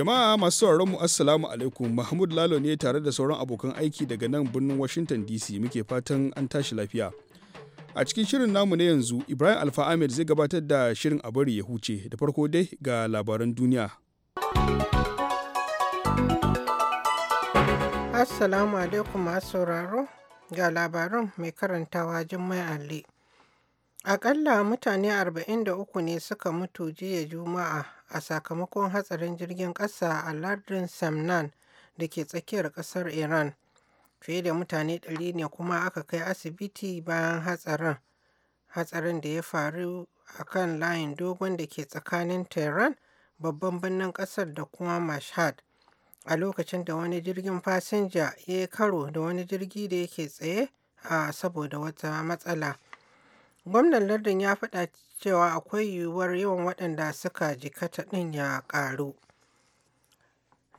Jama'a masu sauraron mu Assalamu alaikum Mahmud Lalo ne tare da sauran abokan aiki daga nan birnin Washington DC muke fatan an tashi lafiya. A cikin shirin namu na yanzu Ibrahim Alfa Ahmed zai gabatar da shirin a bari ya huce da farko dai ga labaran duniya. Assalamu alaikum masu sauraro ga labaran mai karantawa Jummai alli. Akalla mutane 43 ne suka mutu jiya Juma'a a sakamakon hatsarin jirgin ƙasa a lardin Semnan da ke tsakiyar ƙasar Iran. Fiye da mutane 100 ne kuma aka kai asibiti bayan hatsarin. Hatsarin da ya faru a kan layin dogon da ke tsakanin Tehran, babban birnin ƙasar da kuma Mashhad. A lokacin da wani jirgin fasinja ya yi karo da wani jirgi da yake tsaye a saboda wata matsala. Gwamnan lardin ya faɗa cewa akwai yiwuwar yawan waɗanda suka jikata ɗin ya ƙaru.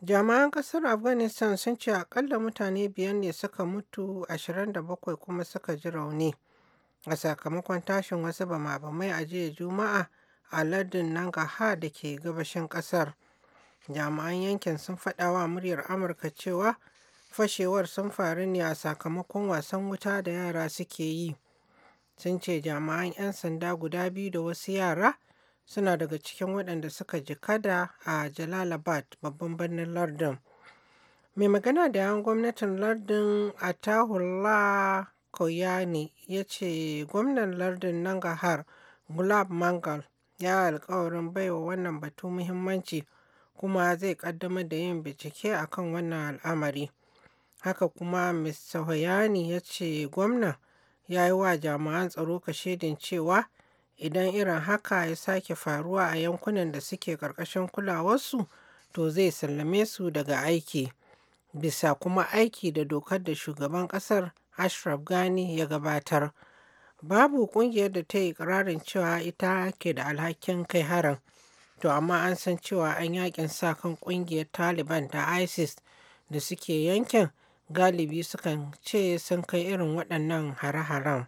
Jama'an ƙasar Afghanistan sun ce aƙalla mutane biyar ne suka mutu 27 kuma suka ji rauni a sakamakon tashin wasu bama-bamai a jiya Juma'a a lardin ha da ke gabashin ƙasar. Jama'an yankin sun faɗa wa muryar Amurka cewa fashewar sun faru ne a sakamakon wasan wuta da yara suke yi. sun ce jami'an 'yan sanda guda biyu da wasu yara suna daga cikin waɗanda suka ji kada a jalalabad babban birnin lardin mai magana da yan gwamnatin lardin tahula koyani ya ce gwamnan lardin nangahar gulab mangal ya alkawarin baiwa wannan batu muhimmanci kuma zai kaddamar da yin bincike akan wannan al'amari haka kuma mr hoyani ya ce gwamnan ya yi wa jami'an tsaro kashedin cewa idan irin haka ya sake faruwa a yankunan da suke ƙarƙashin kulawarsu to zai sallame su daga aiki bisa kuma aiki da dokar da shugaban ƙasar ashraf Gani ya gabatar babu ƙungiyar da ta yi ƙirarin cewa ita ke da alhakin kai harin to amma an san cewa an yakin sa kan ƙungiyar taliban da isis da suke yankin galibi sukan ce sun kai irin waɗannan hare-haren.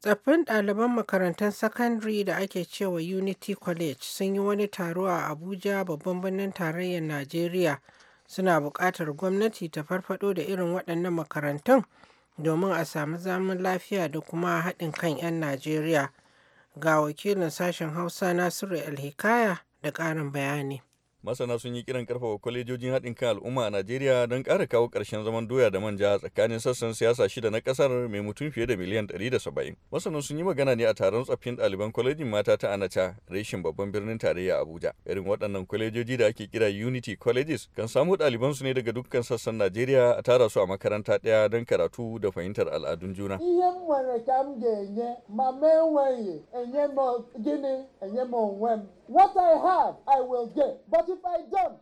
Tsaffin ɗaliban makarantar sakandare da ake cewa Unity College sun yi wani taro a Abuja babban birnin tarayyar Najeriya suna buƙatar gwamnati ta farfado da irin waɗannan makarantun domin a sami zaman lafiya da kuma haɗin kan 'yan Najeriya. Ga wakilin sashen Hausa Nasiru Alhikaya da ƙarin bayani. masana sun yi kiran karfafa kwalejojin haɗin kan al'umma a najeriya don ƙara kawo ƙarshen zaman doya da manja tsakanin sassan siyasa shida na ƙasar mai mutum fiye da miliyan 170 masana sun yi magana ne a taron tsaffin ɗaliban kwalejin mata ta anacha reshin babban birnin tarayya abuja irin waɗannan kwalejoji da ake kira unity colleges kan samu ɗaliban su ne daga dukkan sassan najeriya a tara su a makaranta ɗaya don karatu da fahimtar al'adun juna ihe m What I have, I will get. But if I don't,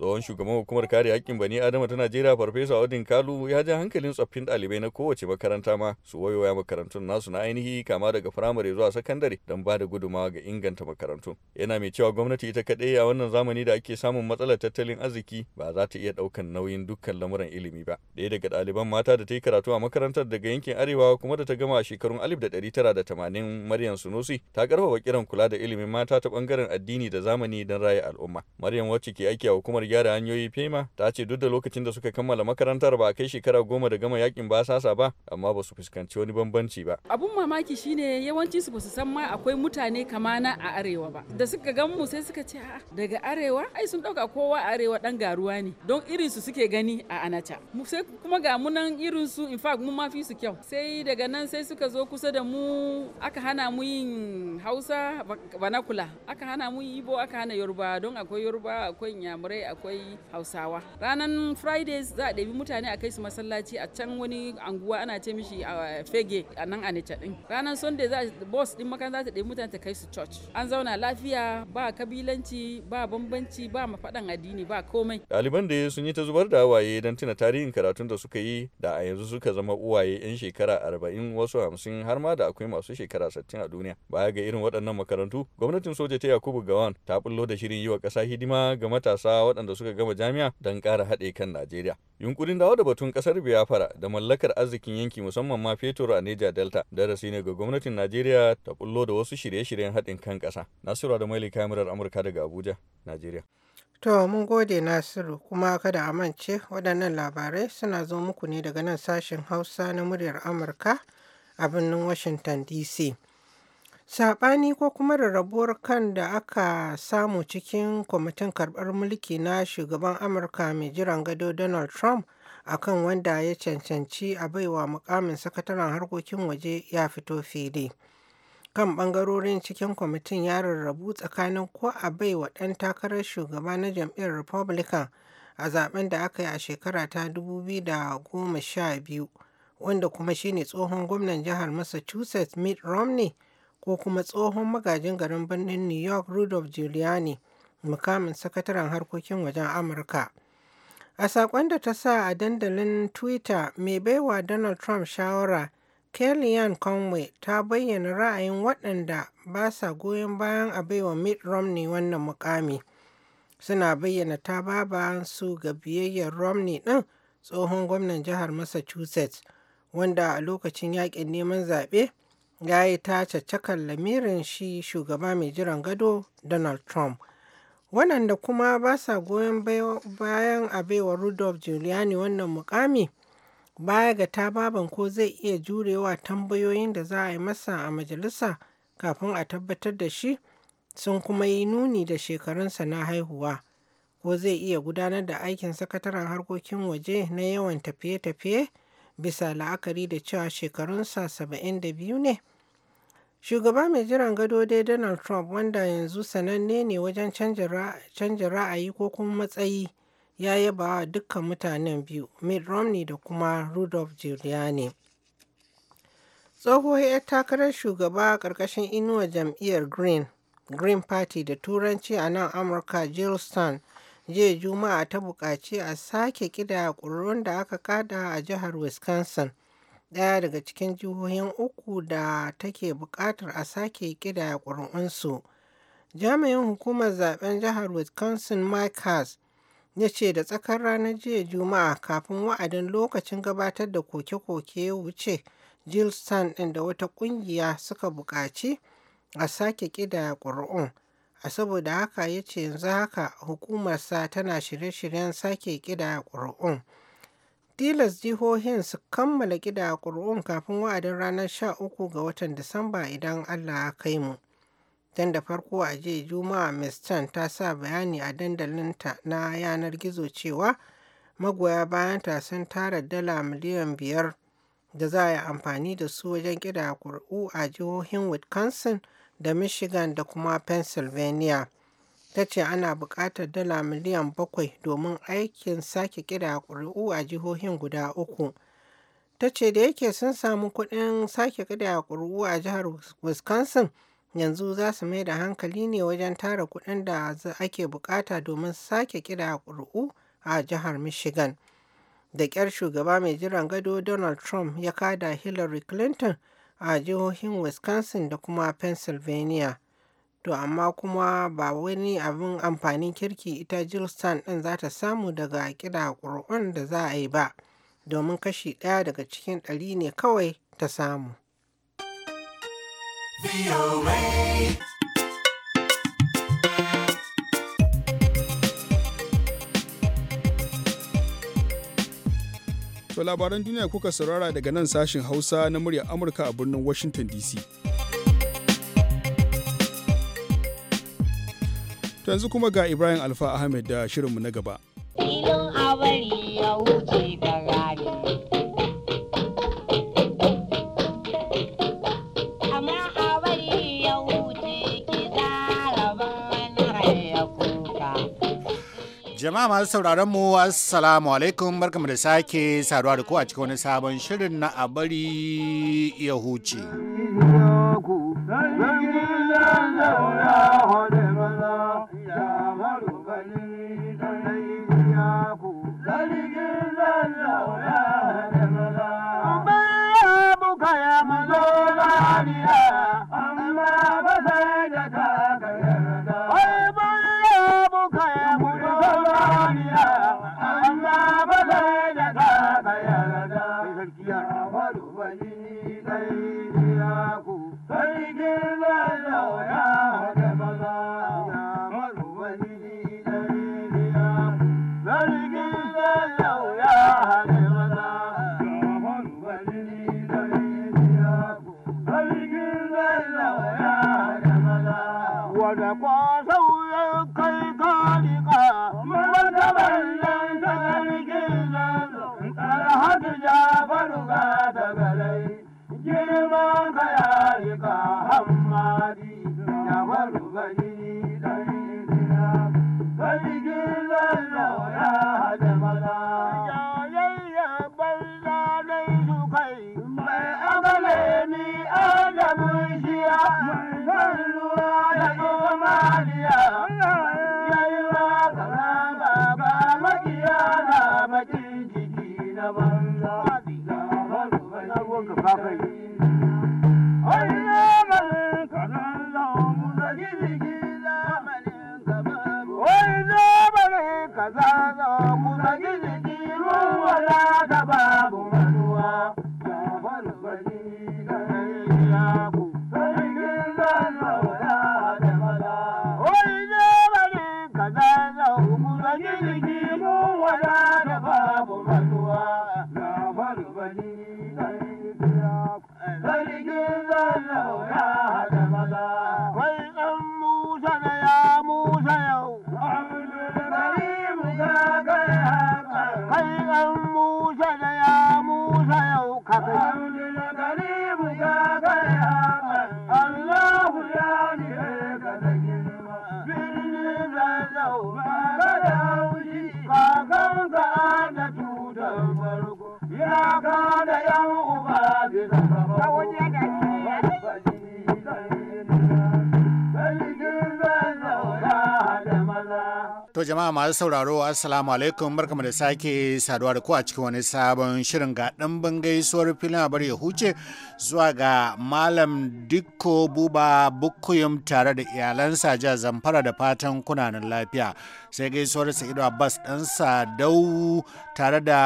tsohon shugaban hukumar kare haƙƙin bani adama ta najeriya farfesa odin kalu ya ja hankalin tsoffin ɗalibai na kowace makaranta ma su wayoya makarantun nasu na ainihi kama daga firamare zuwa sakandare don ba da gudumawa ga inganta makarantu yana mai cewa gwamnati ita kaɗai a wannan zamani da ake samun matsalar tattalin arziki ba za ta iya ɗaukan nauyin dukkan lamuran ilimi ba ɗaya daga ɗaliban mata da ta yi karatu a makarantar daga yankin arewa kuma da ta gama a shekarun alif da da tara tamanin maryam sunusi ta karfafa kiran kula da ilimin mata ta ɓangaren addini da zamani don raya al'umma maryam wacce ke aiki a hukumar gyara hanyoyi fema ta ce duk da lokacin da suka kammala makarantar ba kai shekara goma da gama yakin sasa ba amma ba su fuskanci wani bambanci ba abun mamaki shine yawanci su basu san ma akwai mutane kama na a arewa ba da suka gan mu sai suka ce a daga arewa ai sun dauka kowa arewa dan garuwa ne don irin su suke gani a anacha mu sai kuma ga mu nan irin su in fact mu ma fi su kyau sai daga nan sai suka zo kusa da mu aka hana mu yin Hausa banakula aka hana mu Ibo aka hana Yoruba don akwai Yoruba akwai Inyamurai akwai hausawa ranar fridays za a ɗabi mutane a kai su masallaci a can wani anguwa ana ce mishi a fege a nan a nature din ranar sunday za boss din makaranta ta ɗabi mutane ta kai su church an zauna lafiya ba kabilanci ba bambanci ba mafaɗan addini ba komai ɗaliban da sun yi ta zubar da waye don tuna tarihin karatun da suka yi da a yanzu suka zama uwaye 'yan shekara arba'in wasu hamsin har ma da akwai masu shekara sittin a duniya baya ga irin waɗannan makarantu gwamnatin soja ta yakubu gawan ta bullo da shirin yi wa ƙasa hidima ga matasa waɗanda da suka gama jami'a don ƙara haɗe kan Najeriya. Yunkurin dawo da batun ƙasar Biafra da mallakar arzikin yanki musamman ma fetur a Neja Delta darasi ne ga gwamnatin Najeriya ta kullo da wasu shirye-shiryen haɗin kan ƙasa. Nasiru da Maili kamarar Amurka daga Abuja, Najeriya. To mun gode Nasiru kuma kada a mance waɗannan labarai suna zo muku ne daga nan sashen Hausa na muryar Amurka a birnin Washington DC. Saɓani ko kuma rarrabuwar kan da aka samu cikin Kwamitin Karɓar Mulki na Shugaban Amurka mai jiran gado Donald Trump a kan wanda ya cancanci a baiwa mukamin Sakataren Harkokin Waje ya fito fili. Kan ɓangarorin cikin kwamitin ya rarrabu tsakanin ko a baiwa ɗan takarar shugaba na jam'iyyar Republican a zaben da aka yi a shekara ta 2012 wanda kuma shine tsohon gwamnan jihar Massachusetts Mitt Romney ko kuma tsohon magajin garin birnin New York Rudolph Giuliani mukamin sakataren harkokin wajen Amurka. A saƙon da ta sa a dandalin Twitter mai baiwa Donald Trump shawara, Kellyanne Conway ta bayyana ra'ayin waɗanda ba sa goyon bayan a baiwa Mitt Romney wannan mukami. Suna bayyana ta baba su ga biyayyar Romney ɗin tsohon gwamnan jihar Massachusetts, wanda a lokacin yaƙin neman zaɓe ya yi ta caccakan lamirin shi shugaba mai jiran gado Donald Trump. Waɗanda kuma ba sa goyon bayan a baiwa rudolf Giuliani wannan mukami baya ga tababan ko zai iya jurewa tambayoyin da za a yi masa a majalisa kafin a tabbatar da shi sun kuma yi nuni da shekarunsa na haihuwa ko zai iya gudanar da aikin sakataren harkokin waje na yawan tafiye-tafiye bisa la'akari da cewa shekarunsa 72 ne Shugaba mai jiran gado dai Donald Trump wanda yanzu sananne ne wajen canja ra'ayi ko kuma matsayi ya yaba wa dukkan mutanen biyu Mitt Romney da kuma Rudolph Giuliani. Tsohuwar 'yar takarar shugaba a ƙarƙashin inuwar jam'iyyar Green, Green Party da Turanci a nan Amurka Jill Stein jiya Juma'a ta buƙaci a sake ƙidaya ƙuri'un da aka kada a jihar Wisconsin Daya daga cikin jihohin uku da take buƙatar a sake ƙidaya ƙuri'unsu. Jami'in hukumar zaben jihar Wisconsin Mike ya ce da tsakar ranar jiya Juma'a kafin wa'adin lokacin gabatar da koke-koke wuce Jill Stein ɗin da wata ƙungiya suka buƙaci a sake ƙidaya ƙuri'un. A saboda haka ya ce yanzu haka hukumarsa tana shirye-shiryen sake ƙidaya ƙuri'un. tilas jihohin su kammala a ƙuri'un kafin wa'adin ranar 13 ga watan Disamba idan Allah ya kai mu. Tun da farko a je Juma'a Ms. Chan ta sa bayani a dandalinta na yanar gizo cewa magoya bayanta sun tara dala miliyan biyar da za a yi amfani da su wajen a ƙuri'u a jihohin Wisconsin da Michigan da kuma Pennsylvania. ta ce ana buƙatar dala miliyan bakwai domin aikin sake ƙidaya ƙuri'u a jihohin guda uku ta ce da yake sun samu kuɗin sake ƙidaya ƙuri'u a jihar wisconsin yanzu za su mai da hankali ne wajen tara kuɗin da ake buƙata domin sake ƙidaya ƙuri'u a jihar michigan da ƙyar shugaba mai jiran gado donald trump ya kada hillary clinton a jihohin wisconsin da kuma pennsylvania To amma kuma ba wani abin amfanin kirki ita Jill stand ɗin za ta samu daga ƙida ƙuri'un da za a yi ba, domin kashi ɗaya daga cikin ɗari ne kawai ta samu. To labaran duniya kuka saurara daga nan sashin Hausa na muryar Amurka a birnin Washington DC. yanzu kuma ga Ibrahim Alfa Ahmed da shirinmu na gaba. ya Jama'a masu sauraron mu assalamu alaikum barkamu da sake saduwa da ku a cikin wani sabon shirin na abari bari ya huce. jama'a masu sauraro assalamu alaikum barkamu da sake saduwa da ku a cikin wani sabon shirin ga ɗimbin gaisuwar filin abar ya huce zuwa ga malam dikko buba bukuyum tare da iyalansa ja zamfara da fatan kunanan lafiya sai gaisuwar sa'idu abbas dan sadau tare da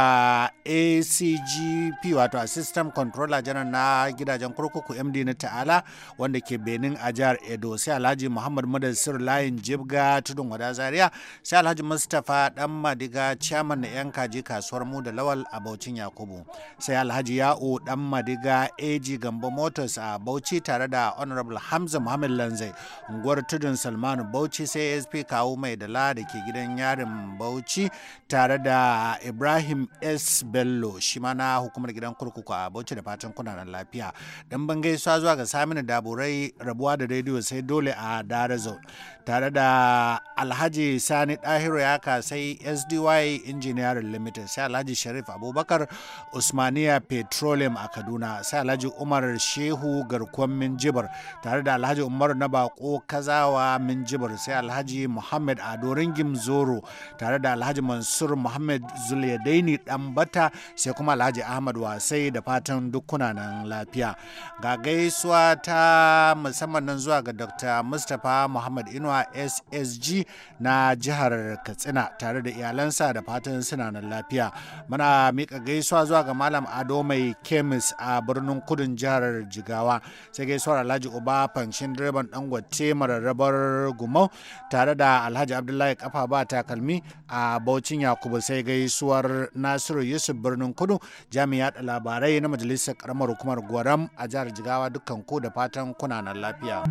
acgp wato system controller janar na gidajen kurkuku md na ta'ala wanda ke benin a jihar edo sai alhaji muhammad madasir layin jibga tudun wada zaria sai alhaji mustapha dan madiga chairman na yan kaji kasuwar mu da lawal a baucin yakubu sai alhaji ya'u dan madiga ag gambo motors a bauchi tare da honorable hamza muhammad lanzai unguwar tudun salmanu bauchi sai asp kawo mai dala da ke ke gidan yarin bauchi tare da ibrahim s bello shi ma na hukumar gidan kurkuku a bauchi da fatan kunanan lafiya dan bangaisuwa zuwa ga saminu daburai rabuwa da rediyo sai dole a dare zone tare da alhaji sani dahiru ya kasai sdy engineering limited sai alhaji sharif abubakar usmaniya petroleum a kaduna sai alhaji umar shehu garkon minjibar tare da alhaji umar na bako kazawa minjibar sai alhaji muhammad ado gimzoro zoro tare da alhaji mansur muhammad zuliyadaini dambata sai kuma alhaji ahmad wasai da fatan dukkuna nan lafiya ga gaisuwa ta musamman nan zuwa ga dr mustapha muhammad inuwa inuwa ssg na jihar katsina tare da iyalansa da fatan suna nan lafiya muna mika gaisuwa zuwa ga malam ado mai kemis a birnin kudin jihar jigawa sai gaisuwar alhaji uba fanshin direban dangote mararrabar gumau tare da alhaji abdullahi kafa ba takalmi a baucin yakubu sai gaisuwar nasiru yusuf birnin kudu jami'a da labarai na majalisar karamar hukumar gwaram a jihar jigawa dukkan ku da fatan kuna nan lafiya.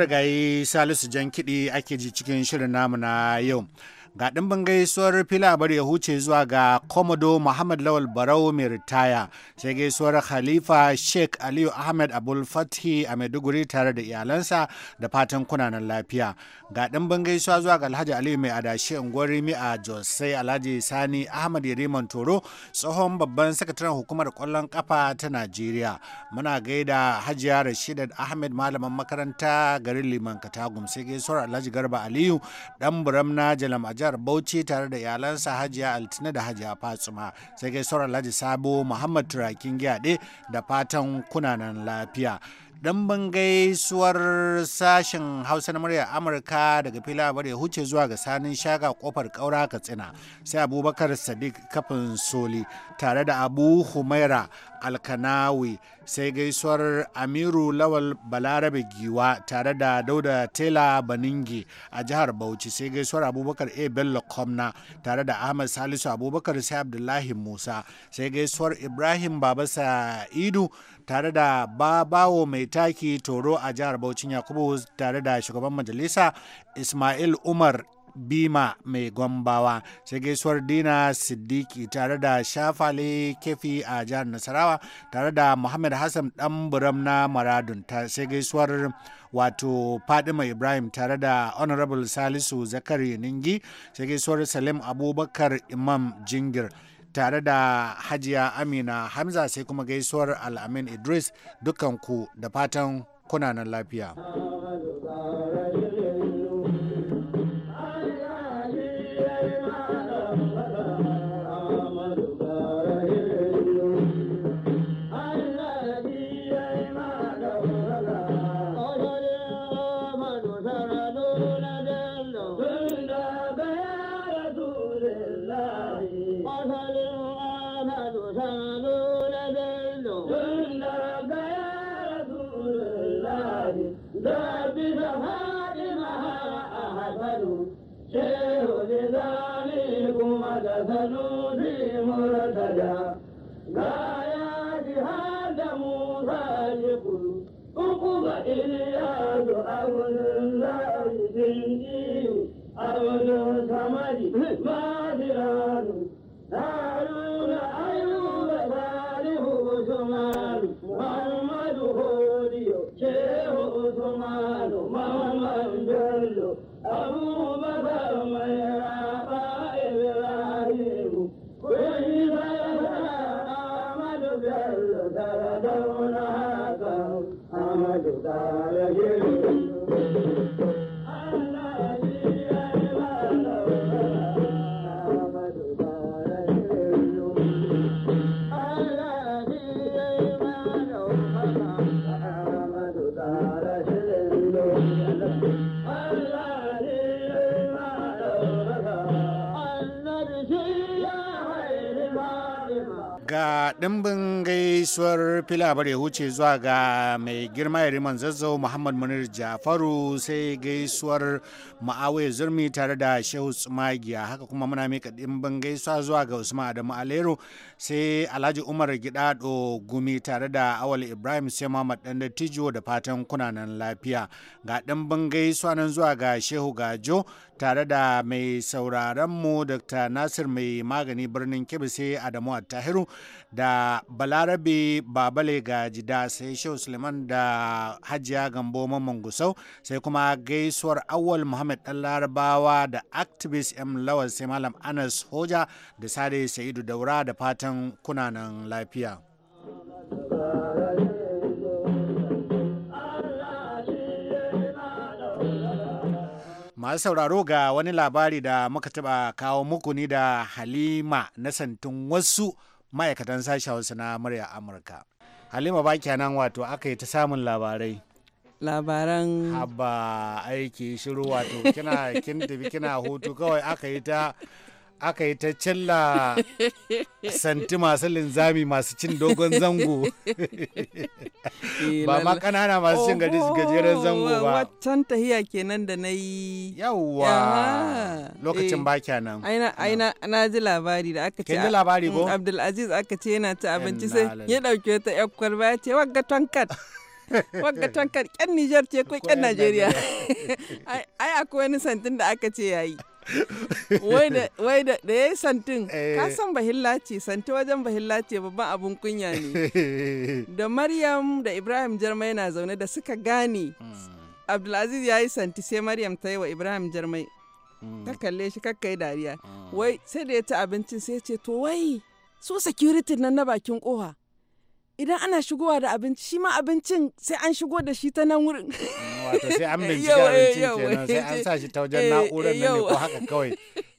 marigayi salisu jan kiɗi ake ji cikin shirin namu na yau Ga ɗimbin gaisuwar filabar ya huce zuwa ga Komodo Muhammad Lawal Barau mai ritaya, sai gaisuwar Khalifa Sheikh Aliyu Ahmed Abul Fathi a Maiduguri tare da iyalansa da fatan kunanan lafiya. Ga ɗimbin gaisuwa zuwa ga Alhaji Aliyu mai adashi Ngwarimi a Josai Alhaji Sani Ahmad Yariman Toro tsohon babban sakataren hukumar kwallon kafa ta Najeriya. Muna gaida Hajiya Rashidat Ahmed malaman makaranta garin Liman Katagum sai gaisuwar Alhaji Garba Aliyu dan Buramna Jalam Ajar jihar Bauchi tare da iyalansa Hajiya Altina da Hajiya Fatsuma sai gaisuwar Alhaji Sabo Muhammad Turakin Giyade da fatan kunanan lafiya. Dan ban gaisuwar sashen hausa na murya amurka daga fila bar ya huce zuwa ga sanin shaga kofar ƙaura katsina sai abubakar sadiq kafin soli tare da abu humaira alkanawi sai gaisuwar amiru lawal balarabe giwa tare da dauda tela baningi a jihar bauchi sai gaisuwar abubakar a bello komna tare da ahmad salisu abubakar sai abdullahi musa sai gaisuwar ibrahim Babasa'idu. idu tare da babawo mai taki toro a jihar bauchi Yakubu tare da shugaban majalisa Ismail Umar Bima mai gombawa sai gaisuwar Dina Siddiki tare da Shafale Kefi a jihar Nasarawa tare da Muhammad Hassan Buram na Maradun sai gaisuwar wato Fadima Ibrahim tare da Honorable Salisu Zakari Ningi sai gaisuwar Salim Abubakar Imam Jingir tare da hajiya amina hamza sai kuma gaisuwar al'amin idris dukanku da fatan kunanan lafiya ya ji har da mu za ku ku ga iya ga ɗimbin gaisuwar filabar ya huce zuwa ga mai girma yariman zazzau muhammad munir jafaru sai gaisuwar ma'awai zurmi tare da shehu tsumagiya haka kuma muna mika ɗimbin gaisuwa zuwa ga usman adamu alero sai alhaji umar gidado gumi tare da awal ibrahim sai muhammad dan tijo da fatan kunanan lafiya ga ɗimbin gaisuwa nan zuwa ga shehu gajo tare da mai mu Dr. Nasir mai magani birnin Kebise Adamu Attahiru da Balarabe Babale Gajida sai Shehu Suleiman da Hajiya Gambo Mamman Gusau sai kuma gaisuwar Awal Muhammad Dan Larabawa da activist M Lawal sai Malam Anas Hoja da Sade Sa'idu Daura da fatan kunanan lafiya. masu sauraro ga wani labari da muka taɓa kawo muku ni da halima na santin wasu ma'aikatan sashen wasu na murya amurka halima ba kenan wato aka yi ta samun labarai labaran haba aiki shiru wato kina kin tafi kina hutu kawai aka yi ta aka yi ta cilla santi masu linzami masu cin dogon zango eh, ba ma kanana masu cin gajeren zango ba waccan tahiya kenan da na yi yawwa lokacin eh, ba kenan aina na ji labari da aka ce ji labari mm, ko abdulaziz aka ce yana ci abinci sai ya dauke ta yar kwalba ya ce wagga tonkat wagga tankar kyan nijar ce ko kyan najeriya ai akwai wani santin da aka ce yayi wai da ya yi santin ka eh. san bahilla ce santi wajen bahilla ce babban abun kunya ne da maryam da ibrahim jarmai na zaune da suka gane hmm. abdulaziz ya yi santi sai maryam ta yi wa ibrahim jarmai hmm. ta kalle shi kakkai dariya hmm. wai sai da ya ci abincin sai ce to wai su security nan na bakin kowa. idan ana shigowa da abinci shi ma abincin sai an shigo da shi ta nan wurin wato sai an bincika abincin kenan sai an sa shi ta wajen eh, na'urar nan ne ko haka kawai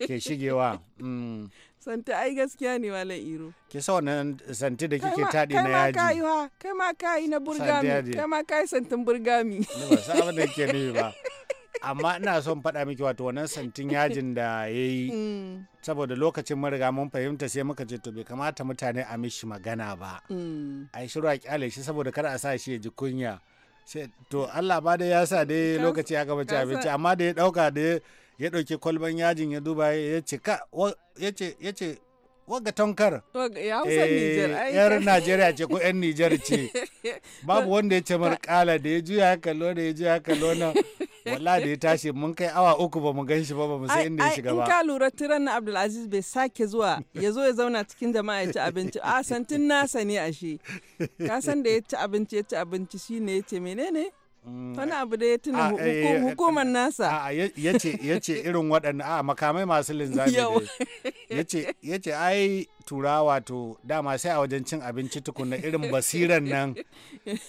ke shigewa mm. santa ai gaskiya ne wala iro ki sa wannan santi da kike tadi na yaji kai ma kai ma kai na burgami kai ma kai santin burgami ba sa abin da kike ne ba amma ina son faɗa miki wato wannan santin yajin da ya yi mm. saboda lokacin riga mun fahimta sai muka ce to bai kamata mutane a mishi magana ba mm. a yi shiru a kyale shi saboda kada a sa shi ya ji kunya to Allah ba da ya sa dai lokaci ya gaba abinci amma da ya dauka da ya dauki kwalban yajin ya duba ya ce ka ya ce waga tonkar eh, yar Najeriya ce ko yan Nijar ce babu wanda ya ce mar kala da ya juya haka lona ya juya haka lona wallahi da ya tashi mun kai awa uku ba mu gan shi ba ba mu sai inda ya shiga ba in ka lura tiran na Abdulaziz bai sake zuwa ya zo ya zauna cikin jama'a ya ci abinci a santin nasa ne ashe ka san da ya ci abinci ya ci abinci shi ne ya ce menene wani abu da ya tuna hukumar nasa ya ce irin waɗanda a ah, makamai masu linzami ya ce ai tura wato dama sai a wajen cin abinci tukuna irin basiran nan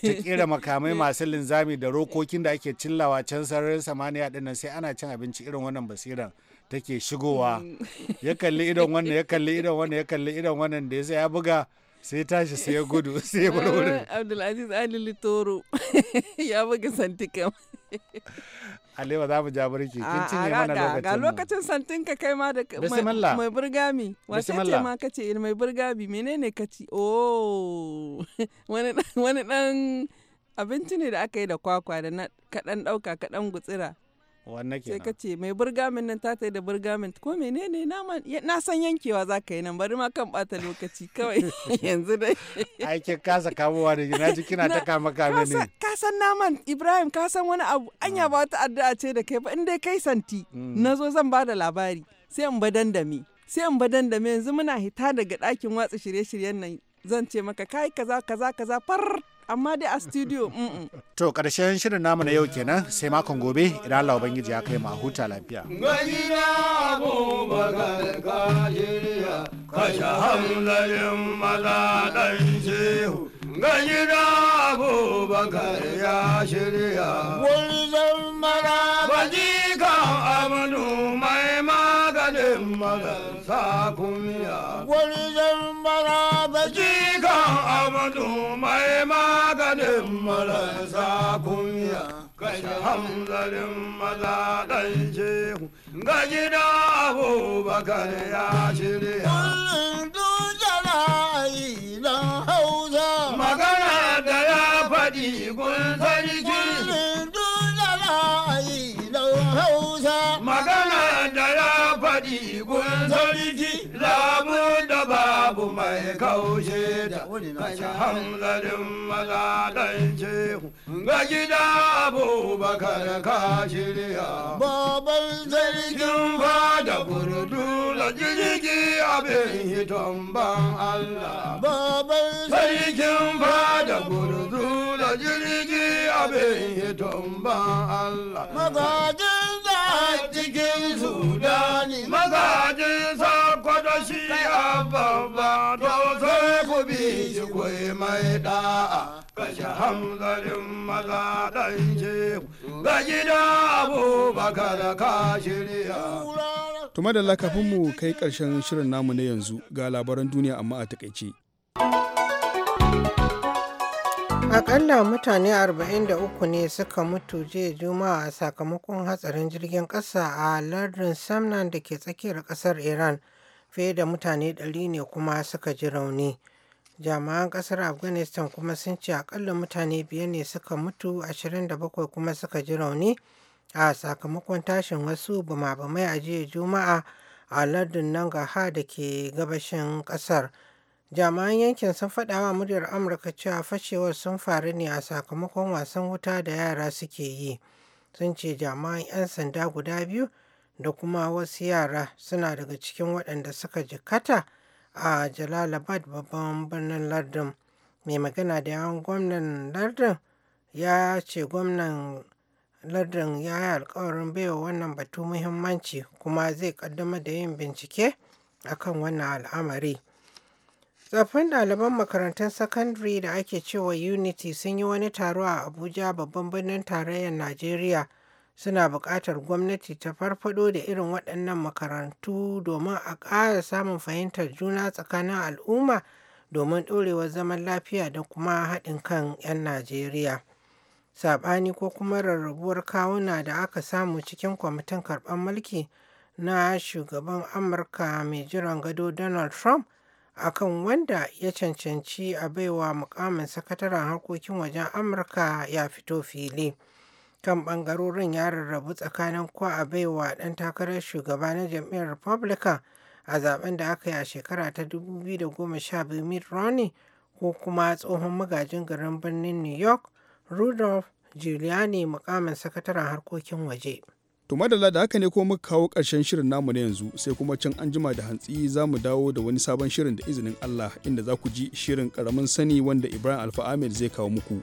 ta kera makamai masu linzami da rokokin da ake cillawa can sararin samaniya dinnan sai ana cin abinci irin wannan basiran take shigowa ya kalli idon wannan ya kalli idon wannan ya kalli idon wannan da ya sai ya buga sai tashi sai ya gudu sai ya bar wurin eh, abdulaziz ali litoro ya buga santikam Alewa za mu ja burki kin cinye mana lokacin ga lokacin santinka kai ma da mai burgami wace ce ma kace ir mai burgami menene kaci oh wani dan abinci ne da aka yi da kwakwa da kaɗan ɗauka kaɗan gutsira wannan ke sai ka ce mai burgamin nan ta ta da burgamin ko menene na san yankewa za ka yi nan bari ma kan bata lokaci kawai yanzu dai aikin kasa kamowa da na ji kina ta kama kame ne ka san naman Ibrahim ka san wani abu mm. anya ba wata addu'a ce da kai ba in dai kai santi mm. nazo zan ba da labari sai in me sai in me yanzu muna hita daga dakin watsa shirye-shiryen nan zan ce maka kai kaza kaza kaza far amma dai a studio to karshen shirin namu na yau kenan sai makon gobe idan Allah ubangiji ya kai ma huta lafiya kashe hamlarin malaɗan shehu gani da abubakar ya shirya wurzar mara baji kan amadu mai maganin marasa kumiya wurzar mara baji Ahmadu mai maganin za kunya kashe hamzarin maza ɗan shehu ga gida abubakar ya shirya. Kullum dujara ayi don hausa. Magana da ya faɗi kun kaushe da kashe hamzarin mazaɗan shehu ga gida abubakar ka shirya baban sarkin fada burdu da jirgi abin hiton ban allah baban sarkin fada burdu da jirgi abin hiton ban allah magajin da cikin sudani magajin babba to sai ku mai da'a kashe hamzarin maza ɗan ga gida abubakar ka shirya. Tuma da lakafinmu mu kai ƙarshen shirin namu na yanzu ga labaran duniya amma a takaice. Akalla mutane 43 ne suka mutu jiya Juma'a sakamakon hatsarin jirgin ƙasa a lardin Samnan da ke tsakiyar ƙasar Iran. fiye da mutane ɗari ne kuma suka ji rauni jami'an ƙasar afghanistan kuma sun ce akalla mutane biyar ne suka mutu 27 kuma suka ji rauni a sakamakon tashin wasu bumabumai a jiya juma'a a lardin nangarhar da ke gabashin ƙasar jami'an yankin sun faɗa wa muryar amurka cewa fashewar sun faru ne a sakamakon wasan wuta da yara suke yi sun ce jami'an 'yan sanda guda biyu da kuma wasu yara suna daga cikin waɗanda suka jikkata a jalalabad babban birnin lardin mai magana da yawan gwamnan lardin ya ce gwamnan lardin ya yi alkawarin baiwa wannan batu muhimmanci kuma zai kaddama da yin bincike akan wannan al'amari Tsoffin ɗaliban makarantar sakandare da ake cewa unity sun yi wani taro a abuja babban birnin tarayyar najeriya suna buƙatar gwamnati ta farfaɗo da irin waɗannan makarantu domin a ƙara samun fahimtar juna tsakanin al'umma domin ɗorewar zaman lafiya da kuma haɗin kan 'yan Najeriya. Saɓani ko kuma rarrabuwar kawuna da aka samu cikin kwamitin karɓar mulki na shugaban Amurka mai jiran gado Donald Trump akan wanda ya cancanci a baiwa mukamin sakataren harkokin wajen Amurka ya fito fili. kan bangarorin ya rarrabu tsakanin ko a baiwa ɗan takarar shugaba na jam'iyyar republican a zaben da aka yi a shekara ta 2012 mitt romney ko kuma tsohon magajin garin birnin new york rudolph giuliani mukamin sakataren harkokin waje to madalla da haka ne ko muka kawo ƙarshen shirin namu na yanzu sai kuma can an jima da hantsi za mu dawo da wani sabon shirin da izinin allah inda za ku ji shirin karamin sani wanda ibrahim alfa zai kawo muku